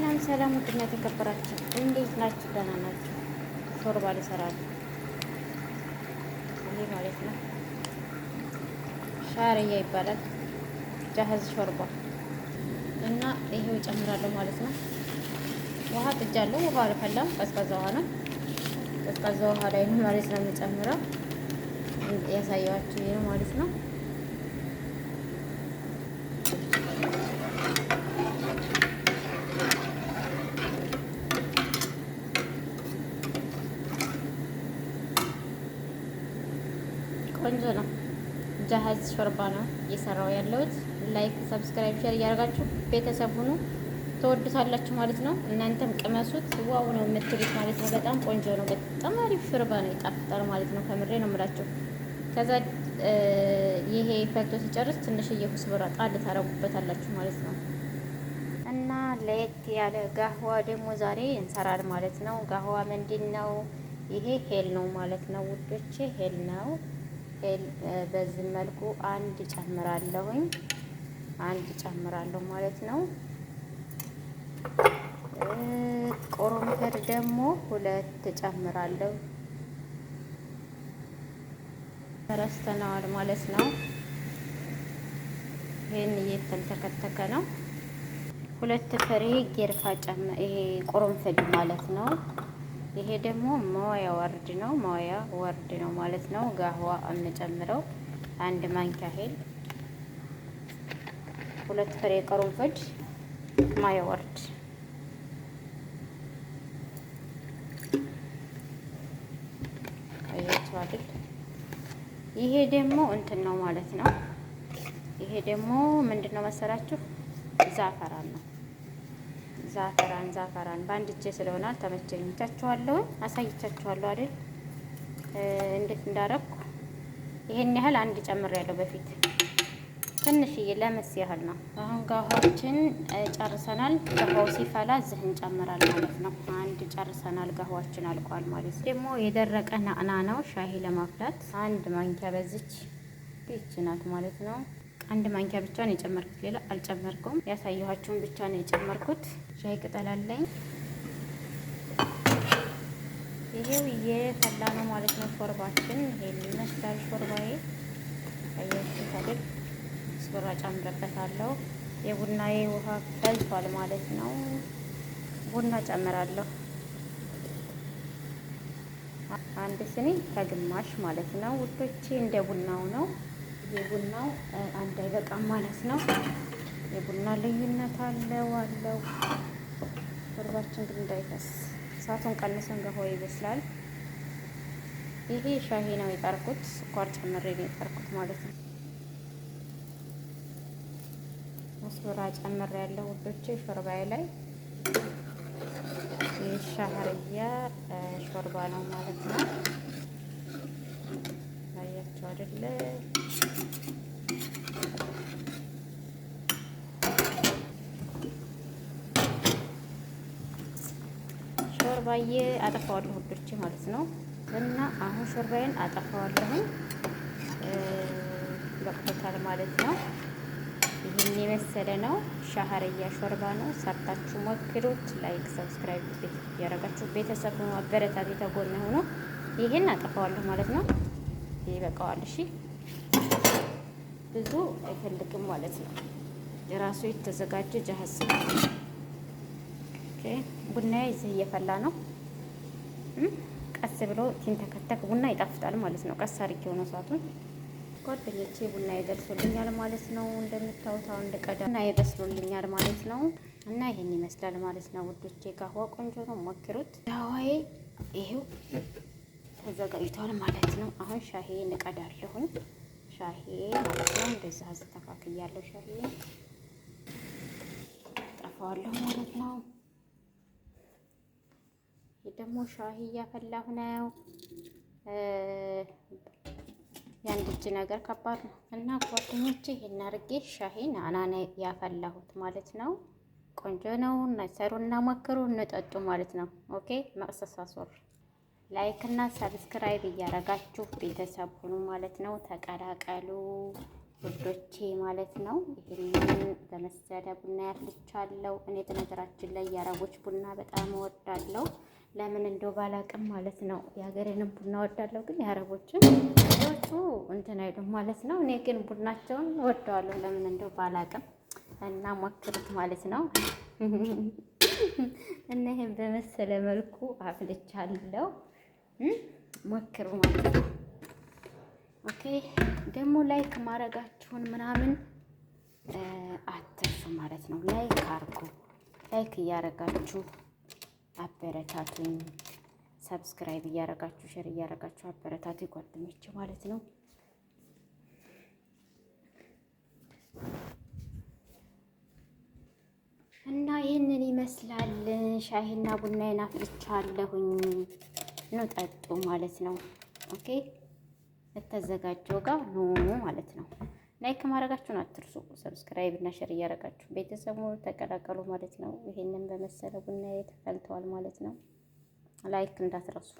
ሰላም ሰላም፣ ውድና የተከበራችሁ እንዴት ናችሁ? ደህና ናችሁ? ሾርባ ልሰራለሁ ይሄ ማለት ነው። ሻርያ ይባላል ጃህዝ ሾርባ እና ይሄው እጨምራለሁ ማለት ነው። ውሃ ጥጃለሁ። ውሃ አልፈላም፣ ቀዝቃዛ ውሃ ነው። ቀዝቃዛ ውሃ ላይ ማለት ነው የምጨምረው። ያሳየኋችሁ ይሄ ማለት ነው። ቆንጆ ነው። ጃሀዝ ሾርባ ነው እየሰራው ያለሁት። ላይክ፣ ሰብስክራይብ፣ ሼር እያደረጋችሁ ቤተሰብ ሁኑ። ተወዱታላችሁ ማለት ነው። እናንተም ቅመሱት። ዋው ነው የምትሉት ማለት ነው። በጣም ቆንጆ ነው። በጣም አሪፍ ሾርባ ነው። ይጣፍጣል ማለት ነው። ከምሬ ነው የምላችሁ። ከዛ ይሄ ፈልቶ ሲጨርስ ትንሽዬ ብራ ጣል ታረጉበታላችሁ ማለት ነው። እና ለየት ያለ ጋህዋ ደግሞ ዛሬ እንሰራል ማለት ነው። ጋህዋ ምንድን ነው? ይሄ ሄል ነው ማለት ነው ውዶቼ፣ ሄል ነው በዚህ መልኩ አንድ ጨምራለሁኝ አንድ ጨምራለሁ ማለት ነው። ቆሮምፈር ደግሞ ሁለት ጨምራለሁ። ረስተነዋል ማለት ነው። ይህን እየተንተከተከ ነው። ሁለት ፍሬ ጌርፋ ጨም ይሄ ቆሮምፈድ ማለት ነው። ይሄ ደግሞ ማዋያ ወርድ ነው። ማዋያ ወርድ ነው ማለት ነው። ጋህዋ የምጨምረው አንድ ማንኪያ ሄል፣ ሁለት ፍሬ ቅርንፉድ፣ ማያ ወርድ አይቷል። ይሄ ደግሞ እንትን ነው ማለት ነው። ይሄ ደግሞ ምንድን ነው መሰላችሁ? ዛፈራን ነው ዛፈራን ዛፈራን በአንድ እጄ ስለሆነ አልተመቸኝም። ቻችኋለሁ፣ አሳይቻችኋለሁ አይደል እንዴት እንዳረኩ። ይሄን ያህል አንድ ጨምሬያለሁ በፊት ትንሽዬ ለምስ ያህል ነው። አሁን ጋኋችን ጨርሰናል። ጋኋው ሲፈላ እዚህ ጨምራል ማለት ነው። አንድ ጨርሰናል። ጋኋችን አልቋል ማለት ነው። ደግሞ የደረቀ ናዕና ነው ሻሂ ለማፍላት አንድ ማንኪያ በዚች ይቺ ናት ማለት ነው። አንድ ማንኪያ ብቻ ነው የጨመርኩት፣ ሌላ አልጨመርኩም። ያሳየኋችሁን ብቻ ነው የጨመርኩት። ሻይ ቅጠል አለኝ። ይሄው የፈላ ነው ማለት ነው። ሾርባችን ይሄን ይመስላል። ሾርባዬ አያችሁት አይደል? ስብራ ጨምረበታለሁ። የቡናዬ ውሃ ፈልቷል ማለት ነው። ቡና ጨምራለሁ አንድ ስኒ ከግማሽ ማለት ነው ውዶቼ፣ እንደ ቡናው ነው። የቡናው አንድ አይበቃም ማለት ነው። የቡና ልዩነት አለው አለው። ሾርባችን ግን እንዳይፈስ እሳቱን ቀንሰን ገሆ ይበስላል። ይሄ ሻሂ ነው የጠርኩት፣ ስኳር ጨምሬ ነው የጠርኩት ማለት ነው። መስበራ ጨምሬ ያለው ውዶቼ ሾርባዬ ላይ የሻህርያ ሾርባ ነው ማለት ነው። ገባችሁ አይደለ? ሾርባዬ አጠፋዋለሁ ሁዶቼ ማለት ነው። እና አሁን ሾርባዬን አጠፋዋለሁኝ በቅቶታል ማለት ነው። ይህን የመሰለ ነው ሻህርያ ሾርባ ነው። ሰርታችሁ ሞክሩት። ላይክ፣ ሰብስክራይብ ቤት ቤተሰብ አበረታት የተጎነ ሆኖ ይህን አጠፋዋለሁ ማለት ነው። ይበቃዋል። እሺ ብዙ አይፈልግም ማለት ነው። የራሱ የተዘጋጀ ጀሀዝ ኦኬ። ቡና ይዘህ እየፈላ ነው። ቀስ ብሎ ሲንተከተክ ቡና ይጣፍጣል ማለት ነው። ቀስ አድርጌ ሆኖ ሰዓቱን ጓደኞቼ ቡና ይደርሶልኛል ማለት ነው። እንደምታዩት አሁን ልቀዳ እና ይበስሉልኛል ማለት ነው። እና ይሄን ይመስላል ማለት ነው ውዶቼ። ጋህዋ ቆንጆ ነው፣ ሞክሩት። ጋህዋዬ ይሄው ተዘጋጅቷል ማለት ነው። አሁን ሻሄ እንቀዳለሁኝ። ሻሄ ማለት ነው እንደዛ አስተካክያለሁ። ሻሄ ጠፋዋለሁ ማለት ነው። ይህ ደግሞ ሻሂ እያፈላሁ ነው። የአንድ እጅ ነገር ከባድ ነው እና ጓደኞቼ ይሄን አድርጌ ሻሂን አናና ያፈላሁት ማለት ነው። ቆንጆ ነው። ሰሩና ሞክሩ፣ እንጠጡ ማለት ነው። ኦኬ መቅሰስ ሶር ላይክ እና ሰብስክራይብ እያረጋችሁ ቤተሰብ ሁኑ ማለት ነው። ተቀላቀሉ ውዶቼ ማለት ነው። ይህንን በመሰለ ቡና ያፍልቻለሁ እኔ በነገራችን ላይ የአረቦች ቡና በጣም እወዳለሁ። ለምን እንደው ባላቅም ማለት ነው። የሀገሬንም ቡና እወዳለሁ፣ ግን የአረቦችን ዎቹ እንትን አይሉም ማለት ነው። እኔ ግን ቡናቸውን እወደዋለሁ፣ ለምን እንደው ባላቅም እና ሞክሩት ማለት ነው። እና ይህን በመሰለ መልኩ አፍልቻለሁ። ሞክሩ ማለት ነው። ኦኬ ደግሞ ላይክ ማድረጋችሁን ምናምን አትርሱ ማለት ነው። ላይክ አርጉ። ላይክ እያደረጋችሁ አበረታቱኝ። ሰብስክራይብ እያደረጋችሁ ሼር እያደረጋችሁ አበረታቱ ጓደኞች ማለት ነው። እና ይህንን ይመስላል ሻይና ቡና ይናፍልቻለሁኝ። ነው ጠጡ ማለት ነው። ኦኬ ለተዘጋጀው ጋር ኑ ማለት ነው። ላይክ ማድረጋችሁን አትርሱ። ሰብስክራይብ እና ሸር እያደረጋችሁ ቤተሰቡ ተቀላቀሉ ማለት ነው። ይሄንን በመሰለ ቡና ተፈልተዋል ማለት ነው። ላይክ እንዳትረሱ።